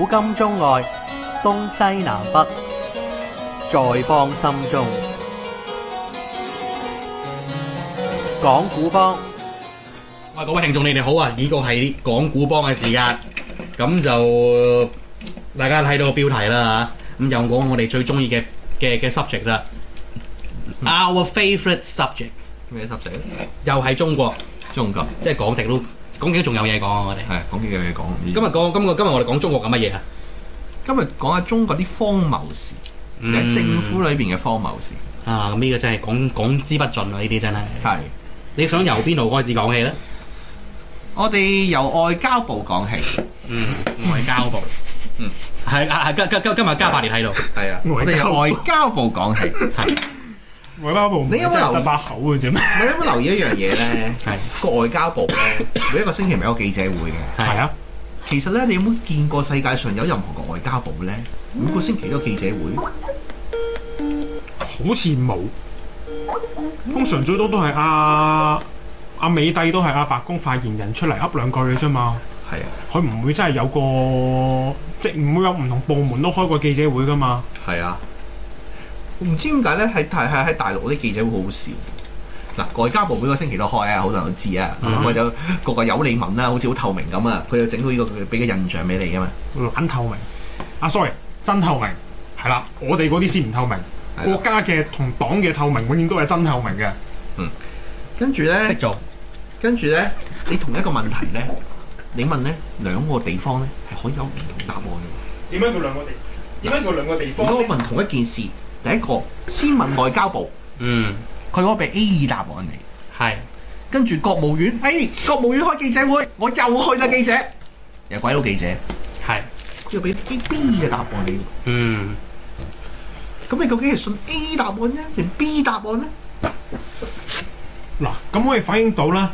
古今中外，東西南北，在邦心中。講古邦，喂，各位聽眾你哋好啊！呢個係講古邦嘅時間，咁就大家睇到個標題啦嚇。咁又講我哋最中意嘅嘅嘅 subject 啦。Our favourite subject，咩 subject？又係中國，中國，即係港迪都。講嘢都仲有嘢講啊！我哋係講幾樣嘢講。今日講今日今日我哋講中國嘅乜嘢啊？今日講下中國啲荒謬事，喺政府裏邊嘅荒謬事啊！咁呢個真係講講之不盡啊！呢啲真係，係你想由邊度開始講起咧？我哋由外交部講起。嗯，外交部。嗯，係啊，係今今今今日加百列喺度。係啊，我哋由外交部講起。係。外交部，你有冇留？真係得把口嘅啫咩？你有冇留意一樣嘢咧？係外交部咧，每一個星期咪有記者會嘅。係啊，其實咧，你有冇見過世界上有任何個外交部咧，每個星期都有記者會？好似冇。通常最多都係阿阿美帝都係阿、啊、白宮發言人出嚟噏兩句嘅啫嘛。係啊，佢唔會真係有個即係唔會有唔同部門都開過記者會噶嘛。係啊。唔知點解咧？係係喺大陸啲記者會好笑。嗱，外交部每個星期都開啊，好多人都知啊。佢、嗯、有個個有你問啦，好似好透明咁啊。佢又整到呢、這個，佢俾個印象俾你嘅嘛。懶透明。阿、啊、sorry，真透明。係啦，我哋嗰啲先唔透明。了國家嘅同黨嘅透明，永遠都係真透明嘅。嗯。跟住咧，識做。跟住咧，你同一個問題咧，你問咧兩個地方咧，係可以有唔同答案嘅。點解做兩個地？點解做兩個地方？如果我問同一件事？第一個先問外交部，嗯，佢嗰俾 A 二答案你，係是跟住，國務院，哎、欸，國務院開記者會，我又去啦記者，有鬼佬記者，係是，佢又俾 A B 嘅答案你，嗯，咁你究竟係信 A 答案呢？定 B 答案呢？嗱，咁可以反映到啦。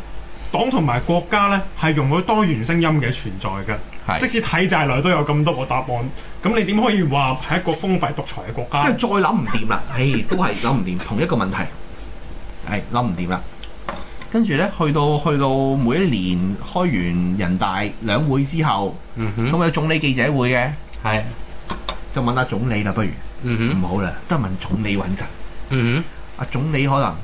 黨同埋國家咧，係用到多元聲音嘅存在嘅。的即使體制內都有咁多個答案，咁你點可以話係一個封閉獨裁嘅國家？即係再諗唔掂啦，唉、哎，都係諗唔掂， 同一個問題係諗唔掂啦。跟住咧，去到去到每一年開完人大兩會之後，咁、嗯、哼有總理記者會嘅，係的就問下總理啦，不如唔、嗯、哼好啦，都係問總理穩陣。嗯哼，阿、啊、總理可能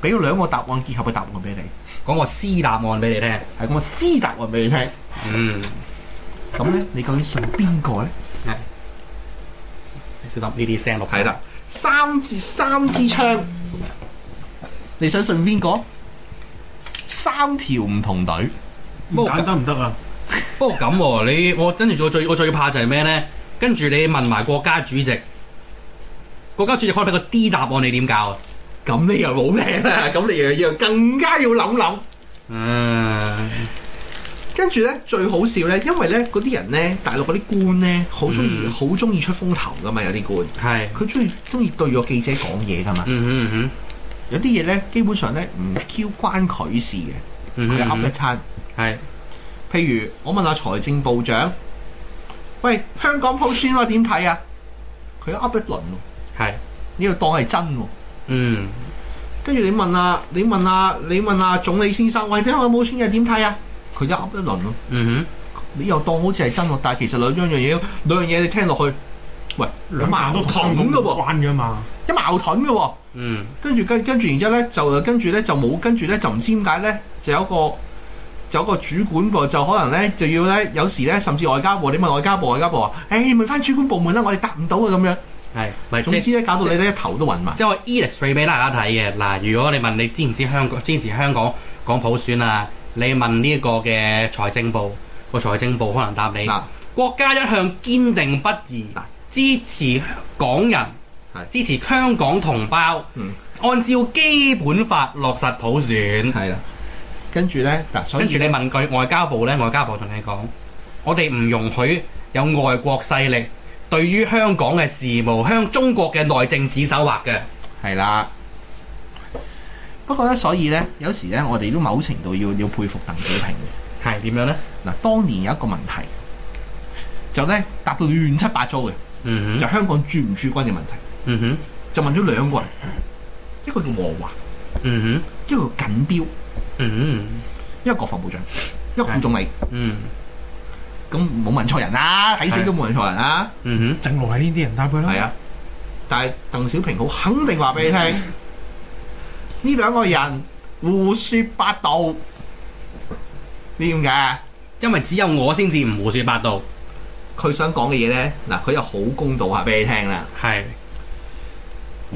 俾咗兩個答案結合嘅答案俾你。講個 C 答案俾你聽是，係講個 C 答案俾你聽。嗯，咁咧，你究竟信邊個咧？你呢啲聲錄。係啦，三支三支槍，你想信邊個？三條唔同隊，唔得唔得啊！不過咁，你我跟住我最我最怕就係咩咧？跟住你問埋國家主席，國家主席開畀個 D 答案你，你點教啊？咁你又冇命啦、啊！咁你又要更加要諗諗。誒、嗯，跟住咧最好笑咧，因為咧嗰啲人咧，大陸嗰啲官咧，好中意好中意出風頭噶嘛，有啲官。係是。佢中意中意對個記者講嘢噶嘛？嗯嗯嗯。有啲嘢咧，基本上咧唔 Q 關佢事嘅。佢噏、嗯、哼一餐。係、嗯。譬如我問下財政部長，喂，香港鋪錢話點睇啊？佢噏一輪喎。呢是你要當係真喎。嗯，跟住你問啊，你問啊，你問啊，總理先生，喂，香港冇錢嘅點睇啊？佢一噏一輪咯，嗯哼，你又當好似係真喎，但係其實兩樣嘢， 兩樣嘢你聽落去，喂，兩矛盾咁嘅喎，一嘛，一矛盾嘅喎，嗯，跟住跟跟住，然之後咧就跟住咧就冇，跟住咧就唔知點解咧，就有個就有個主管部，就可能咧就要咧，有時咧甚至外交部，你問外交部，外交部話，你、欸、問翻主管部門啦，我哋答唔到啊咁樣。係，唔係，總之咧，即搞到你咧一頭都暈埋即。即係我 illustrate 俾大家睇嘅嗱，如果你問你知唔知香港支持香港講普選啊？你問呢個嘅財政部，個財政部可能答你。啊、國家一向堅定不移、啊、支持港人，啊、支持香港同胞。嗯、按照基本法落實普選。係啦。跟住呢，啊、呢跟住你問句外交部呢，外交部同你講，我哋唔容許有外國勢力。對於香港嘅事務，香中國嘅內政指手畫嘅，係啦。不過咧，所以咧，有時咧，我哋都某程度要要佩服鄧小平嘅。係點樣咧？嗱，當年有一個問題，就咧答到亂七八糟嘅。嗯哼、mm。Hmm. 就香港駐唔駐軍嘅問題。嗯哼、mm。Hmm. 就問咗兩個人，一個叫黃華。嗯哼、mm。Hmm. 一個叫緊標。嗯哼、mm。Hmm. 一個國防部長，mm hmm. 一個副總理。Mm hmm. 嗯。咁冇問錯人啦，睇死都冇問錯人啦。嗯哼，正路係呢啲人搭佢囉。係啊，但係鄧小平好肯定話俾你聽，呢兩、嗯、個人胡說八道。你點解？因為只有我先至唔胡說八道。佢想講嘅嘢咧，嗱，佢又好公道話俾你聽啦。係的。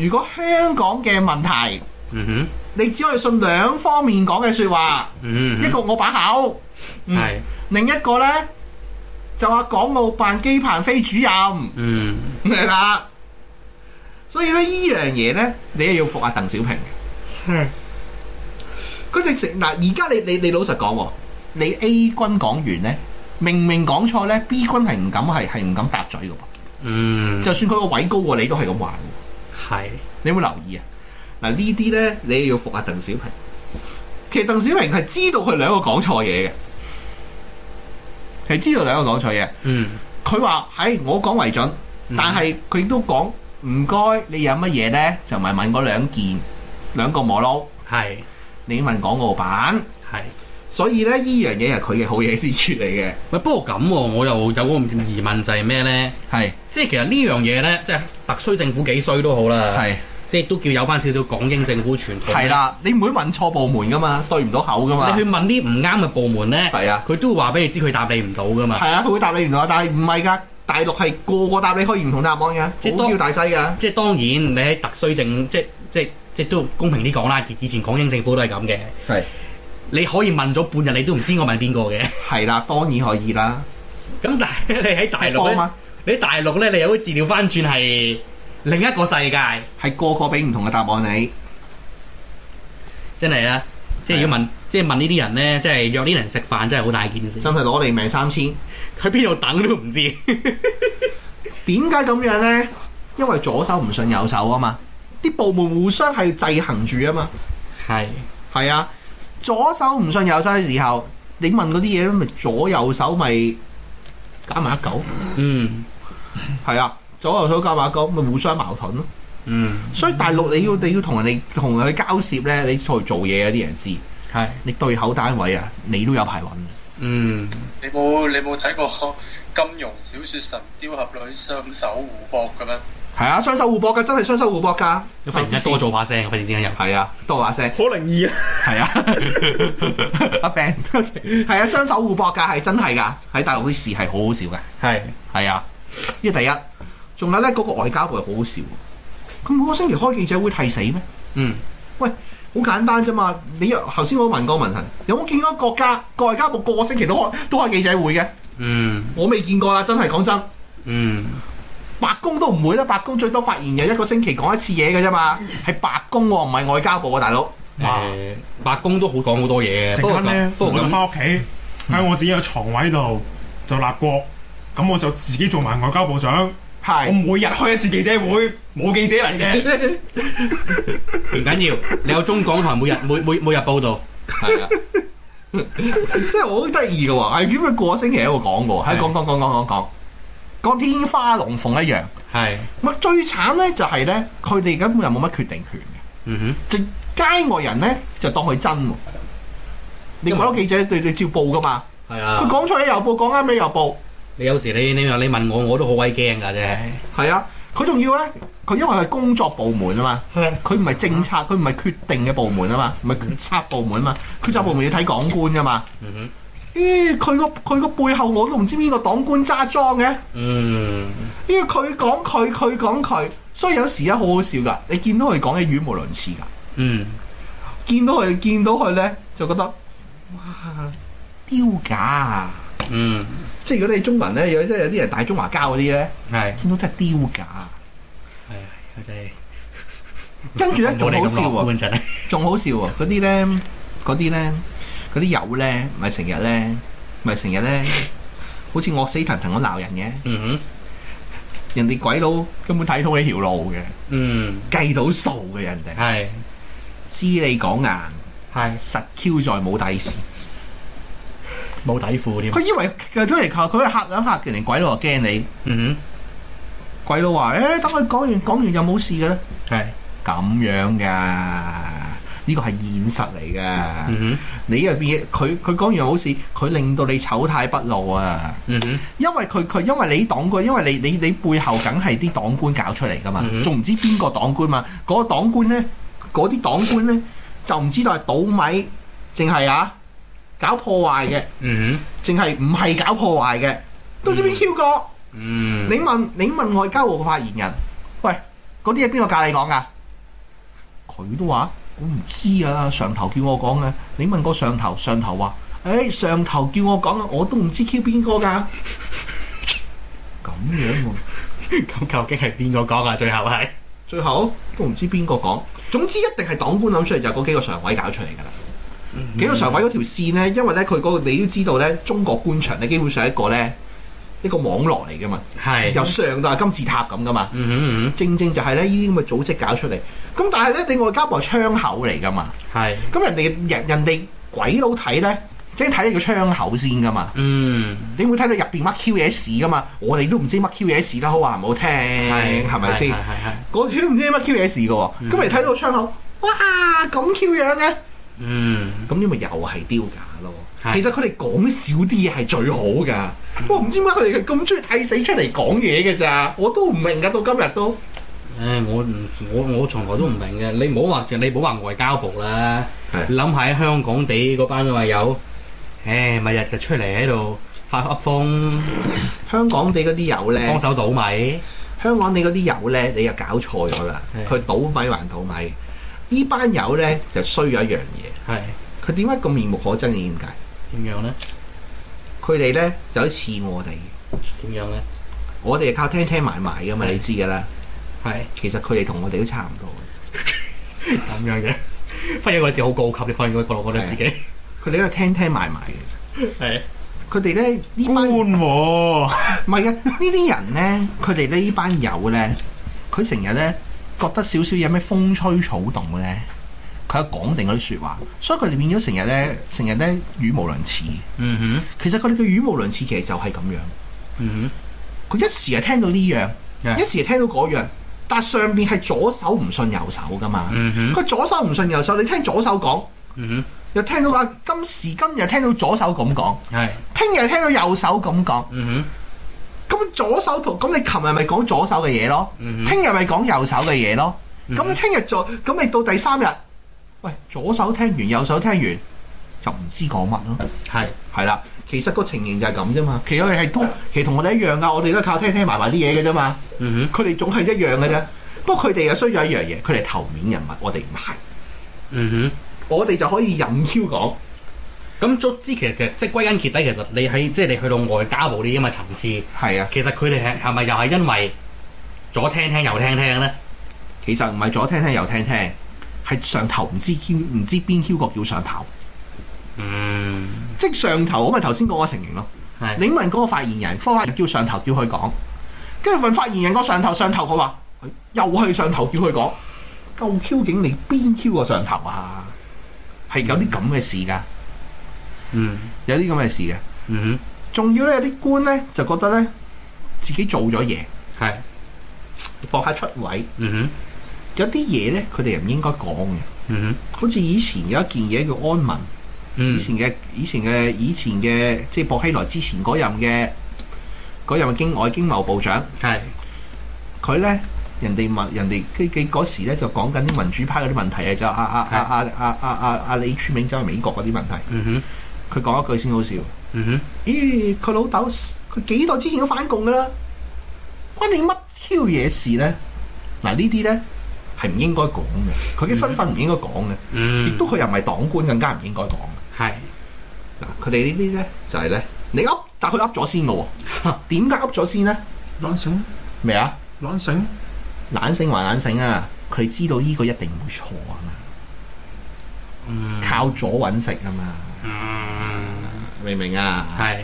如果香港嘅問題，嗯哼，你只可以信兩方面講嘅說話。嗯哼，一個我把口，係、嗯、的另一個咧。就話港澳辦姬鵬飛主任，嗯，咩啦？所以咧，依樣嘢咧，你又要服下鄧小平嘅。佢直情嗱，而家你你你老實講喎，你 A 軍講完咧，明明講錯咧，B 軍係唔敢係係唔敢搭嘴嘅喎。嗯，就算佢個位高過你，你都係咁話嘅。係，你有冇留意啊？嗱呢啲咧，你又要服下鄧小平。其實鄧小平係知道佢兩個講錯嘢嘅。係知道兩個講錯嘢，嗯，佢話喺我講為準，嗯、但係佢亦都講唔該，你有乜嘢咧就咪問嗰兩件兩個摸撈，係是你問港澳辦，係是，所以咧呢樣嘢係佢嘅好嘢先出嚟嘅。喂，不過咁、啊、我又有個疑問就係咩咧？係是，即係其實呢樣嘢咧，即係特衰政府幾衰都好啦。係。即係都叫有翻少少港英政府傳統。係啦，你唔會問錯部門噶嘛，嗯、對唔到口噶嘛。你去問啲唔啱嘅部門咧，係啊的，佢都會話俾你知佢答你唔到噶嘛。係啊，佢會答你唔到啊，但係唔係㗎，大陸係個個答你可以唔同答案㗎，即都要大劑㗎。即係當然，你喺特區政，即係即係即係都公平啲講啦。以前港英政府都係咁嘅。係的。你可以問咗半日，你都唔知我問邊個嘅。係啦，當然可以啦。咁但係你喺大，大陸，你喺大陸咧，你有啲字調翻轉係。另一個世界係個個俾唔同嘅答案，你真係啊！即係要問，即係問呢啲人咧，即係約呢啲人食飯，真係好大件事。真係攞你命三千，喺邊度等都唔知。點解咁樣咧？因為左手唔信右手啊嘛，啲部門互相係制衡住啊嘛。係係啊，左手唔信右手嘅時候，你問嗰啲嘢都咪左右手咪加埋一九。嗯，係啊。左右手夾馬夾，咪互相矛盾咯。嗯，所以大陸你要你要同人哋同佢交涉咧，你才做嘢啲人士係你對口單位啊，你都有排揾。嗯，你冇你冇睇過《金庸小説神雕俠侶》雙手互搏嘅咩？係啊，雙手互搏噶，真係雙手互搏噶。Ben 多做把聲，Ben 點解入？係啊，多把聲好靈異是啊。係啊，阿 Ben 啊，雙手互搏噶，係真係噶。喺大陸啲事係好好笑嘅。係係是啊，因為第一。仲有咧，嗰個外交部係好好笑。咁每個星期開記者會替死咩？嗯，喂，好簡單啫嘛。你若頭先我問個問題，有冇見過國家個外交部個個星期都開都開記者會嘅？嗯，我未見過啦，真係講真的。嗯，白宮都唔會啦，白宮最多發言人一個星期講一次嘢嘅啫嘛。係白宮喎，唔係外交部喎，大佬。誒，白宮都好講好多嘢嘅。都我翻屋企喺我自己嘅床位度就立國，咁我就自己做埋外交部長係是我每日開一次記者會，冇記者嚟嘅，唔緊 要緊，你有中港台每日每每每日報道，係啊，即係好得意嘅喎，係點解個星期喺度講嘅喎，喺講講講講講講，講天花龍鳳一樣，係、啊，咁啊最慘咧就係咧，佢哋根本又冇乜決定權嘅，嗯哼，即街外人咧就當佢真，嗯、哼你好多記者，對你照報噶嘛，係啊，佢講錯嘢又報，講啱咩又報。你有時你你話你問我，我都好鬼驚噶啫。係啊，佢仲要咧，佢因為係工作部門啊嘛，佢唔係政策，佢唔係決定嘅部門啊嘛，唔係決策部門啊嘛，嗯、決策部門要睇港官噶嘛。咦、嗯哼，佢、欸、個佢個背後我都唔知邊個黨官揸莊嘅。嗯，因佢講佢，佢講佢，所以有時咧好好笑噶。你見到佢講嘢語無倫次噶，嗯見，見到佢見到佢咧就覺得哇，丟架啊，嗯。即係如果你中文咧，有即係有啲人大中華膠嗰啲咧，咁都是真係丟架，係、哎，佢真係。 跟住一仲好笑喎、啊，仲 好笑喎、啊，嗰啲咧，嗰啲咧，嗰啲友咧，唔係成日咧，唔係成日咧，好似惡死騰騰咁鬧人嘅。嗯哼。人哋鬼佬根本睇通呢條路嘅。嗯。計到數嘅人哋。係是。知你講硬。係是。實 Q 在冇底線。冇底褲添，佢以為踢咗嚟球，佢嚇兩嚇，嚇，人哋鬼佬又驚你。嗯哼，鬼佬話：誒、欸，等佢講完，講完又冇事嘅咧。係咁是樣噶，呢個係現實嚟噶。嗯、哼，你又變佢佢講完好事，佢令到你醜態畢露啊。嗯、哼，因他他，因為佢佢因為你黨官，因為你你你背後梗係啲黨官搞出嚟噶嘛，仲唔、嗯、哼知邊個黨官嘛？嗰、那個黨官咧，嗰啲黨官咧，就唔知道係倒米，淨係啊！搞破壞嘅，淨係唔係搞破壞嘅，嗯、都知邊 Q 個？嗯、你問你問外交部嘅發言人，喂，嗰啲係邊個教你講噶？佢都話我唔知啊，上頭叫我講嘅。你問個上頭，上頭話，誒、欸，上頭叫我講啊，我都唔知 Q 邊個噶。咁 樣喎，咁 究竟係邊個講啊？最後係？最後都唔知邊個講，總之一定係黨官諗出嚟就嗰幾個常委搞出嚟噶啦。嗯、幾個常委嗰條線咧？因為咧佢嗰個你都知道咧，中國官場咧基本上一個咧一個網絡嚟噶嘛，係由是上到係金字塔咁噶嘛。嗯嗯嗯、正正就係咧呢啲咁嘅組織搞出嚟。咁但係咧，你外交部係窗口嚟噶嘛？係是。咁人哋人人哋鬼佬睇咧，即係睇你個窗口先噶嘛。嗯。你冇睇到入邊乜 Q 嘢事噶嘛？我哋都唔知乜 Q 嘢事都好話唔好聽，係咪先？係係係。我唔知乜 Q 嘢事噶喎，咁你睇到個窗口，哇，咁 Q 樣嘅。嗯，咁因為又係丟架咯？是其實佢哋講少啲嘢係最好㗎。嗯、我唔知點解佢哋咁中意睇死出嚟講嘢嘅咋？我都唔明㗎，到今日都。我唔，我我，我從來都唔明嘅。你唔好話，你唔好話外交部啦。諗下是香港地嗰班外友，誒咪日日出嚟喺度發噏風。香港地嗰啲友咧，幫手倒米。香港地嗰啲友咧，你又搞錯咗啦。佢是倒米還倒米。這班呢班友咧就需要一樣嘢，係佢點解咁面目可憎嘅，點解？點樣咧？佢哋咧就好似我哋，點樣咧？我哋係靠聽聽埋埋噶嘛，是你知噶啦。係是，其實佢哋同我哋都差唔多嘅。咁 樣嘅，發現我自己好高級，你發現我覺得自己？佢哋都係聽聽埋埋嘅啫。佢哋咧呢班唔係啊！呢啲人咧，佢哋、嗯 啊、呢，佢哋呢這班友咧，佢成日咧。覺得少少有咩風吹草動咧，佢又講定嗰啲説話，所以佢哋變咗成日咧，成日咧語無倫次。嗯哼、mm，hmm. 其實佢哋嘅語無倫次，其實就係咁樣。嗯哼、mm，佢、hmm. 一時又聽到呢樣，mm hmm. 一時又聽到嗰樣，但係上邊係左手唔信右手噶嘛。嗯哼、mm，佢、hmm. 左手唔信右手，你聽左手講，嗯哼、mm，hmm. 又聽到話今時今日聽到左手咁講，係、mm，聽、hmm. 日聽到右手咁講，嗯哼、mm。Hmm. 咁左手同，咁你琴日咪講左手嘅嘢咯，聽日咪講右手嘅嘢咯，咁、嗯、哼你聽日再，咁你到第三日，喂，左手聽完，右手聽完，就唔知講乜咯。係是，係啦，其實個情形就係咁啫嘛，其實我哋係同，其實同我哋一樣噶，我哋都靠聽聽埋埋啲嘢嘅啫嘛。嗯哼，佢哋總係一樣嘅啫，嗯、哼不過佢哋又需要一樣嘢，佢哋頭面人物，我哋唔係。嗯哼，我哋就可以任超講。咁足之，其實其實即係歸根結底，其實你喺即係你去到外交部啲咁嘅層次，係啊，其實佢哋係咪又係因為左聽聽右聽聽呢？其實唔係左聽聽右聽聽，係上頭唔知 Q 唔知邊 Q 個叫上頭。嗯，即係上頭，我咪頭先講個情形囉。係啊，你問嗰個發言人，科發叫上頭叫佢講，跟住問發言人個上頭上頭，佢話又去上頭叫佢講，究竟你邊 Q 個上頭啊？係有啲咁嘅事㗎。嗯嗯，有啲咁嘅事嘅，嗯哼，仲要咧有啲官咧就覺得咧自己做咗嘢，係博下出位，嗯哼，有啲嘢咧佢哋唔應該講嘅，嗯哼，好似以前有一件嘢叫安民，嗯、以前嘅以前嘅以前嘅即係薄熙來之前嗰任嘅嗰任的經外經貿部長，係佢咧人哋問人哋佢嗰時咧就講緊啲民主派嗰啲問題啊，就阿阿阿阿李春明走去美國嗰啲問題，嗯哼。佢講一句先好笑。嗯哼，咦、哎？佢老豆佢幾代之前都反共噶啦，關你乜超嘢事咧？嗱呢啲咧係唔應該講嘅，佢嘅身份唔應該講嘅，嗯、亦都佢又唔係黨官，更加唔應該講。係嗱是，佢哋呢啲咧就係、是、咧，你噏，但佢噏咗先嘅喎。點解噏咗先咧？懶醒？咩麼醒啊？懶醒，懶醒還懶醒。啊！佢知道依個一定唔會錯啊、嗯、嘛，靠左揾食啊嘛。嗯，明唔明啊？係是，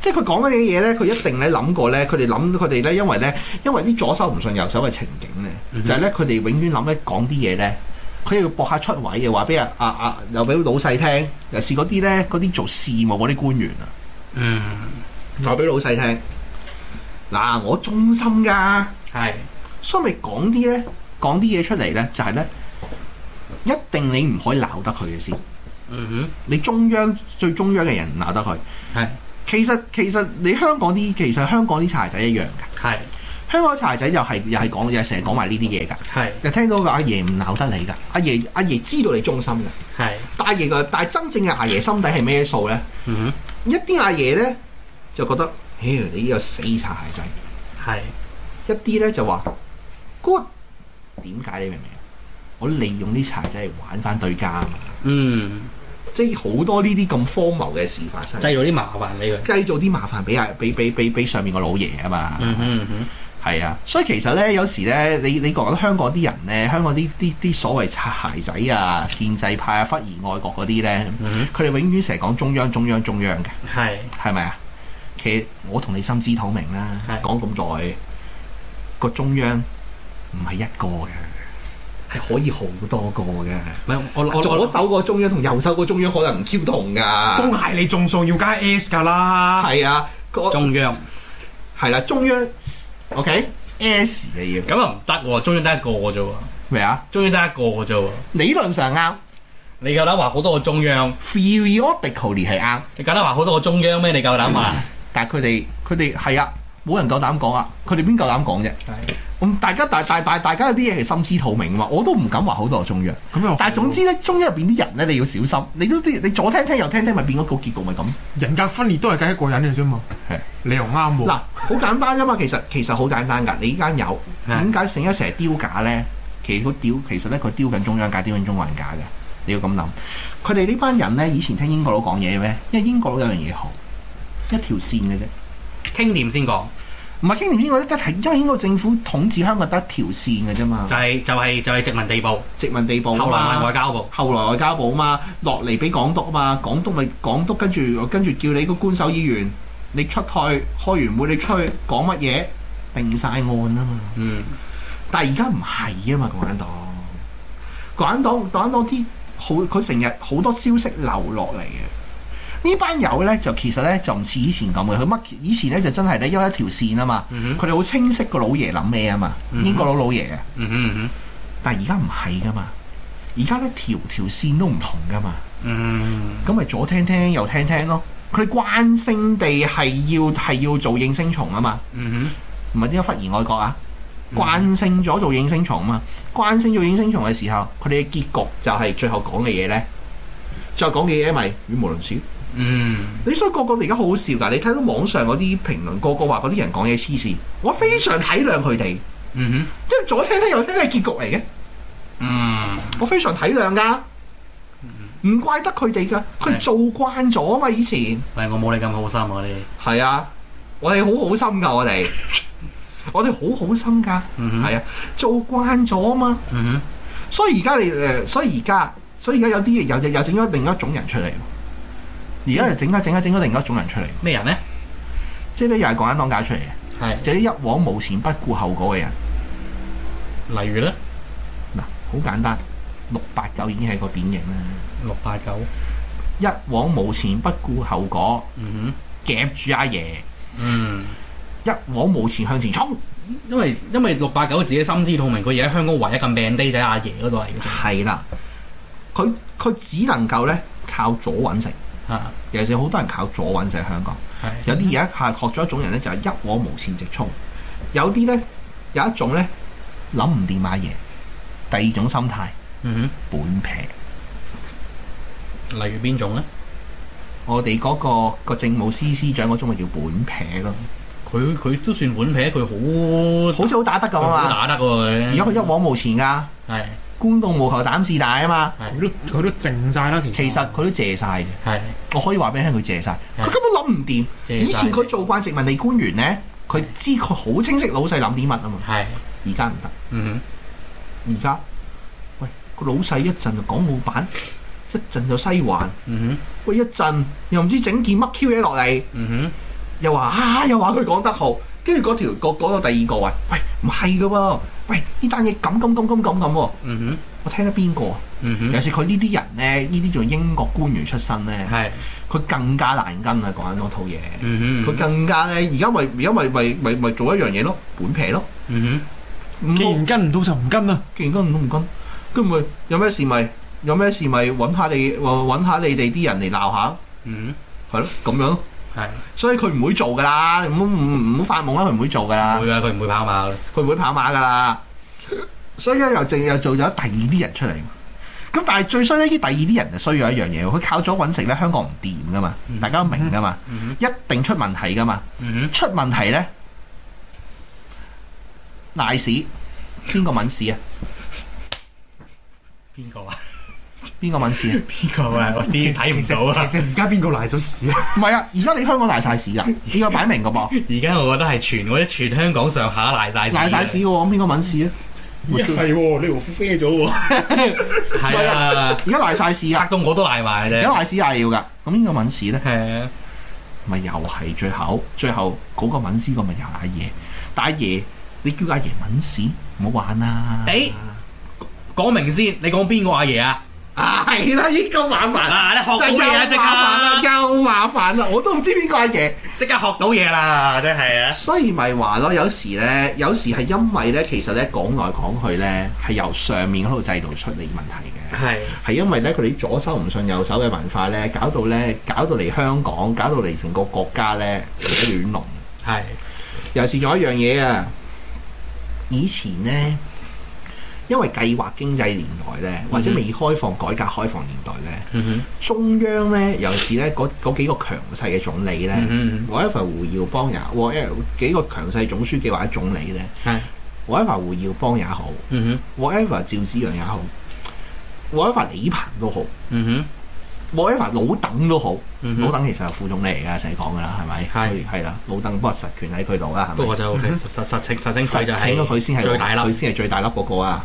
即係佢講緊嘅嘢咧，佢一定咧諗過咧，佢哋諗，佢哋咧，因為咧，因為啲左手唔順右手嘅情景咧，嗯、哼就係咧，佢哋永遠諗咧講啲嘢咧，佢要搏下出位嘅話，俾阿阿阿又俾老細聽，尤其是嗰啲咧，嗰啲做事務嗰啲官員啊，嗯，話俾老細聽，嗱，我忠心噶，係是，所以咪講啲咧，講啲嘢出嚟咧，就係、是、咧，一定你唔可以鬧得佢嘅先。嗯哼，你中央最中央嘅人鬧得佢。係是其實其實，你香港啲其實香港啲柴仔一樣嘅。係是香港柴仔又係又係講又成日講埋呢啲嘢㗎，係是又聽到個阿爺唔鬧得你㗎，阿爺阿爺，阿爺知道你忠心嘅，係是但係個但係真正嘅阿爺心底係咩數咧？哼是，一啲阿爺咧就覺得，你呢個死柴仔，係是一啲咧就話 good，點解你明唔明？我利用啲柴仔嚟玩翻對家啊嘛，嗯。即係好多呢啲咁荒謬嘅事發生，製造啲麻煩俾佢，製造啲麻煩俾啊，俾俾俾俾上面個老爺啊嘛。嗯哼嗯嗯，係啊。所以其實咧，有時咧，你你覺得香港啲人咧，香港啲啲啲所謂擦鞋仔啊、建制派啊、忽而愛國嗰啲咧，佢哋、嗯、哼永遠成日講中央中央中央嘅，係係咪啊？其實我同你心知肚明啦，講咁耐個中央唔係一個嘅。係可以好多個嘅，唔係我左手個中央同右手個中央可能唔超同噶、啊，都係你眾數要加 S 噶啦。係啊，中央係啦，中央 OK S 嘅要，咁又唔得喎，中央得一個啫喎，咩啊？中央得一個啫、啊、理論上啱。你夠膽話好多個中央？Theoretically 係啱。你敢話好多個中央咩？你夠膽話 但係佢哋佢哋係啊，冇人夠膽講啊，佢哋邊夠膽講啫？我大家大大大大家有啲嘢係心知肚明啊嘛，我都唔敢話好多中央。咁樣，但係總之咧，中央入邊啲人咧，你要小心。你都知。你左聽聽右聽聽，咪變咗個結局咪咁。人格分裂都係計一個人嘅啫嘛。係是的，你又啱喎。嗱，好簡單啫嘛。其實其實好簡單噶。你依間有點解成日成日丟架咧？其實佢丟其實咧，佢丟緊中央架，丟緊中環架嘅。你要咁諗。佢哋呢班人咧，以前聽英國佬講嘢嘅咩？因為英國佬有樣嘢好，一條線嘅啫，傾掂先講。唔係傾年史，我覺得係，因為英國政府統治香港得一條線嘅啫嘛。就係、係、就係就係殖民地部，殖民地部啦。後來外交部，後來外交部啊嘛，落嚟俾港督啊嘛，港督咪港督跟住跟住叫你個官守議員，你出去開完會，你出去講乜嘢，定曬案啊嘛。嗯。但係而家唔係啊嘛，港黨，港黨，港黨啲好，佢成日好多消息流落嚟嘅。班呢班友咧就其實咧就唔似以前咁嘅。佢乜以前咧就真係咧，有一條線啊嘛。佢哋好清晰個老爺諗咩啊嘛。Mm hmm. 英國佬老爺啊，mm hmm. 但而家唔係噶嘛。而家咧條條線都唔同噶嘛。咁咪、mm hmm. 左聽聽右聽聽咯。佢哋關性地係要係要做應聲蟲啊嘛。唔係點解忽然外國啊？慣性咗做應聲蟲啊嘛。慣性做應聲蟲嘅時候，佢哋嘅結局就係最後講嘅嘢咧，最後講嘅嘢咪語無倫次。嗯、mm hmm.，你所以個個而家好好笑噶，你睇到網上嗰啲評論，個個話嗰啲人講嘢黐線，我非常體諒佢哋，嗯哼、mm，即、hmm. 係左聽聽右聽係結局嚟嘅，嗯、mm，hmm. 我非常體諒噶，唔怪得佢哋噶，佢的做慣咗啊嘛，以前係我冇你咁好心啊，你我哋係啊，的我哋好好心噶，我哋， 我哋好好心噶，嗯哼，係啊，做慣咗啊嘛，哼、mm hmm.，所以而家你誒，所以而家，所以而家有啲嘢又又整咗另一種人出嚟。而家又整下整下整下，突然一,一,一,一,一種人出嚟，咩人咧？即係咧，又係港產黨解出嚟嘅，就啲一往無前、不顧後果嘅人。例如咧，嗱，好簡單，六八九已經係個典型啦。六八九一往無前、不顧後果，嗯、哼夾住阿爺，嗯、一往無前向前衝，因為因為六八九自己心知肚明，佢而家香港唯一一個病地就係阿爺嗰度係要，係啦，佢佢只能夠咧靠左揾食。啊！尤其好多人靠左揾食喺香港，的有啲而家係學咗一種人咧，就係一往無前直衝；有啲咧，有一種咧諗唔掂買嘢。第二種心態，嗯哼，本撇屁。例如邊種咧？我哋嗰、那個個政務司司長嗰種咪叫本撇咯。佢佢都算本撇，佢好，好似好打得咁啊嘛。打得㗎，而家佢一往無前啊！係。官到無求膽自大啊嘛，佢都佢都靜晒啦。其實佢都借晒嘅，我可以話俾你聽，佢借晒。佢根本諗唔掂。以前佢做慣殖民地官員咧，佢的知佢好清晰老細諗啲乜啊嘛。而家唔得。嗯哼，而家喂，個老細一陣就講老闆，一陣就西環。嗯哼，喂，一陣又唔知整件乜 Q 嘢落嚟。嗯哼，又話啊，又話佢講得好，跟住嗰條個講到第二個啊，喂唔係噶喎。喂，呢單嘢咁咁咁咁咁咁喎，嗯哼、mm，hmm. 我聽得邊個？嗯哼、mm，hmm. 尤其是佢呢啲人咧，呢啲做英國官員出身咧，係、mm，佢、hmm. 更加難跟啊！講緊嗰套嘢，佢、mm hmm. 更加咧，而家咪而家咪咪咪咪做一樣嘢咯，本皮咯，嗯哼、mm，hmm. 既然跟唔到就唔跟啦，既然跟唔到唔跟，跟埋有咩事咪有咩事咪搵下你，我搵下你哋啲人嚟鬧下，嗯、mm，係、hmm. 咯，咁樣咯。係，是所以佢唔會做噶啦，唔好唔唔好發夢啦，佢唔會做噶啦。會啊，佢唔會跑馬，佢唔會跑馬噶啦。 所以咧，又淨又做咗第二啲人出嚟。咁但係最衰呢啲第二啲人就需要一樣嘢，佢靠咗搵食咧，香港唔掂噶嘛，嗯、大家都明噶嘛，嗯嗯、一定出問題噶嘛，嗯、哼出問題咧，賴屎，邊個敏屎啊？邊個啊？我邊個抆屎啊？邊個啊？啲睇唔到啊！而家邊個賴咗屎啊？唔係啊！而家你香港賴晒屎啊！而家擺明噶噃。而家我覺得係全，我一全香港上下賴晒屎。賴晒屎噶喎，邊個抆屎啊？係喎、啊啊欸哦，你胡飛咗喎。係啊！而家賴晒屎啊！阿、啊、到我都賴埋嘅啫。而家賴屎賴要噶，咁邊個抆屎咧？係咪、啊、又係最後？最後嗰個抆屎個咪又係阿爺？但係阿爺，你叫阿爺抆屎，唔好玩啊！誒，講明先，你講邊個阿爺啊？啊，係啦，呢個麻煩。啊，你學到嘢啦，即刻。又麻煩啦，夠麻煩啦，我都唔知邊個嘢。即刻學到嘢啦，真係啊。所以咪話咯，有時咧，有時係因為咧，其實咧，講來講去咧，係由上面嗰度制度出嚟問題嘅。係。係因為咧，佢哋左手唔信右手嘅文化咧，搞到咧，搞到嚟香港，搞到嚟成個國家咧，扯亂龍。係。又試咗一樣嘢啊！以前咧。因為計劃經濟年代咧，或者未開放改革開放年代咧，中央咧，尤其是咧嗰嗰幾個強勢嘅總理咧，whatever 胡耀邦也 whatever 幾個強勢總書記或者總理咧，係 whatever 胡耀邦也好，嗯哼，whatever 趙紫陽也好，whatever 李鵬都好，嗯哼，whatever 老鄧都好，老鄧其實係副總理嚟噶，成日講噶啦，係咪？係啦，老鄧不過實權喺佢度啦，係咪？就實實實實實實勢就請咗佢先係最大粒，佢先係最大粒嗰個啊！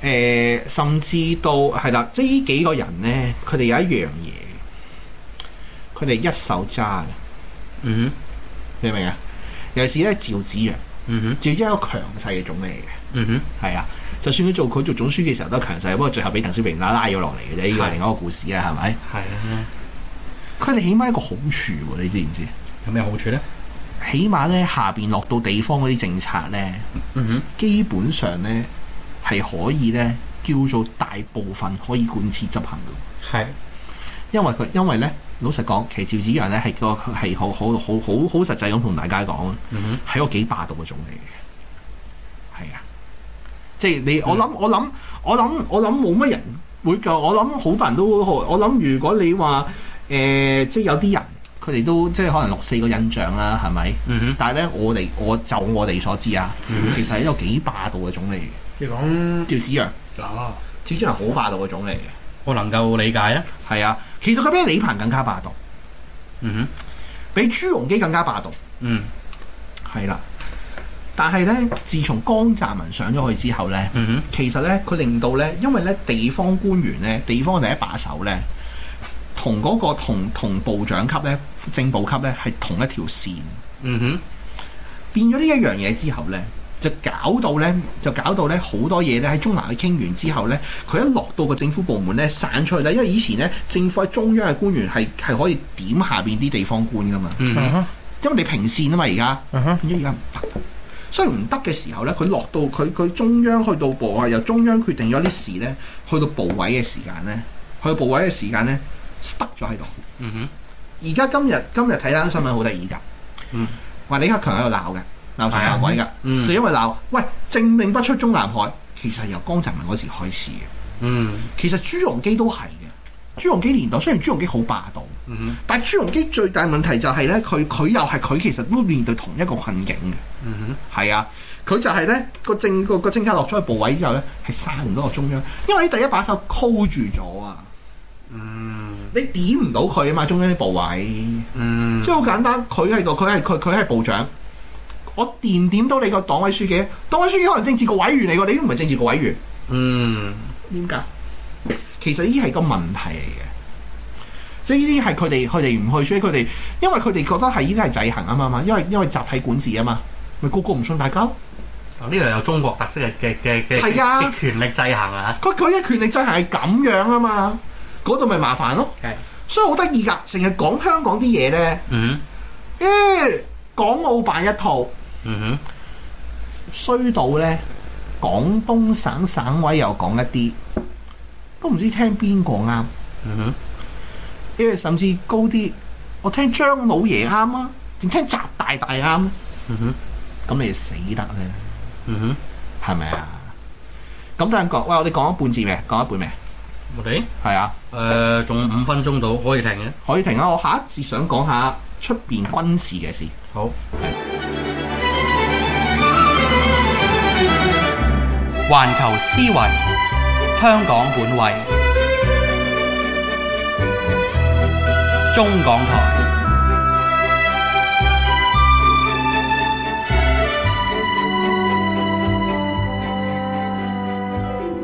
誒、呃，甚至到係啦，即係呢幾個人咧，佢哋有一樣嘢，佢哋一手揸嘅，嗯哼，你明唔明啊？尤其是咧，趙紫陽，嗯哼，趙紫陽一個強勢嘅總理嚟嘅，嗯哼，係啊，就算佢做佢做總書記嘅時候都係強勢，不過最後俾鄧小平拉了拉咗落嚟嘅啫，呢個的另外一個故事啊，係咪？係啊的，佢哋起碼一個好處，你知唔知？有咩好處咧？起碼咧下邊落到地方嗰啲政策咧，嗯哼，基本上咧。係可以咧，叫做大部分可以貫徹執行嘅。係是的，因為佢因為咧，老實講，其實趙子楊咧係個係好好好好好實際咁同大家講，係、嗯、哼 個幾霸道嘅種嚟嘅。係啊，即係你我諗我諗我諗我諗冇乜人會夠，我諗好多人都好。我諗如果你話誒、呃，即係有啲人佢哋都即係可能六四個印象啦、啊，係咪？嗯、哼。但係咧，我哋我就我哋所知啊，嗯、哼 其實係一個幾霸道嘅種嚟嘅。你講趙紫陽，嗱、啊，始終係好霸道嘅種嚟嘅。我能夠理解啊。係啊，其實佢比李鵬更加霸道。嗯哼，比朱鎔基更加霸道。嗯，係啦、啊。但係咧，自從江澤民上咗去之後咧，嗯、哼其實咧，佢令到咧，因為咧，地方官員咧，地方第一把手咧，同嗰、那個同同部長級咧、正部級咧，係同一條線。嗯哼，變咗呢一樣嘢之後咧。就搞到咧，就搞到咧好多嘢咧喺中南去傾完之後咧，佢一落到個政府部門咧散出去啦。因為以前咧，政府喺中央嘅官員係係可以點下面啲地方官噶嘛。嗯哼，因為你平線啊嘛，而家。嗯哼，而家唔得。所以唔得嘅時候咧，佢落到佢佢中央去到部啊，由中央決定咗啲事咧，去到部委嘅時間咧，去到部委嘅時間咧得咗喺度。嗯哼，而家今日今日睇單新聞好得意㗎。嗯哼，話李克強喺度鬧㗎。鬧成下鬼噶，就因為鬧喂，政令不出中南海，其實由江澤民嗰時開始嘅。嗯，其實朱鎔基都係嘅，朱鎔基年代雖然朱鎔基好霸道，嗯、但係朱鎔基最大問題就係、是、咧，佢佢又係佢，其實都面對同一個困境嘅。嗯，係啊，佢就係咧個政個個政策落咗去部委之後咧，係閂唔到個中央，因為啲第一把手箍住咗啊。嗯，你點唔到佢啊嘛？中央啲部委，嗯，即係好簡單，佢喺度，佢係佢佢係部長。我掂點，點到你個黨委書記？黨委書記可能政治局委員嚟㗎，你都唔係政治局委員。委員嗯，點解？其實依係個問題嚟嘅，即係依啲係佢哋佢哋唔去，所以佢哋因為佢哋覺得係依啲係制衡啊嘛嘛，因為因為集體管治啊嘛，咪個個唔信大家。呢度、啊、有中國特色嘅嘅嘅嘅，係㗎，權力制衡啊！佢佢嘅權力制衡係咁樣啊嘛，嗰度咪麻煩咯。係的，所以好得意㗎，成日講香港啲嘢咧。嗯，誒、嗯，港澳辦一套。嗯哼，衰到咧，廣東省省委又講一啲，都唔知聽邊個啱。嗯哼，因為甚至高啲，我聽張老爺啱啊，點聽習大大啱啊？嗯哼，咁你就死得啊？嗯哼，係咪啊？咁等陣講，喂，我哋講一半字未？講一半未？我哋係啊，誒、呃，仲有五分鐘到，可以停嘅，啊，可以停啊！我下一次想講下出邊軍事嘅事。好。環球思維，香港本位，中港台。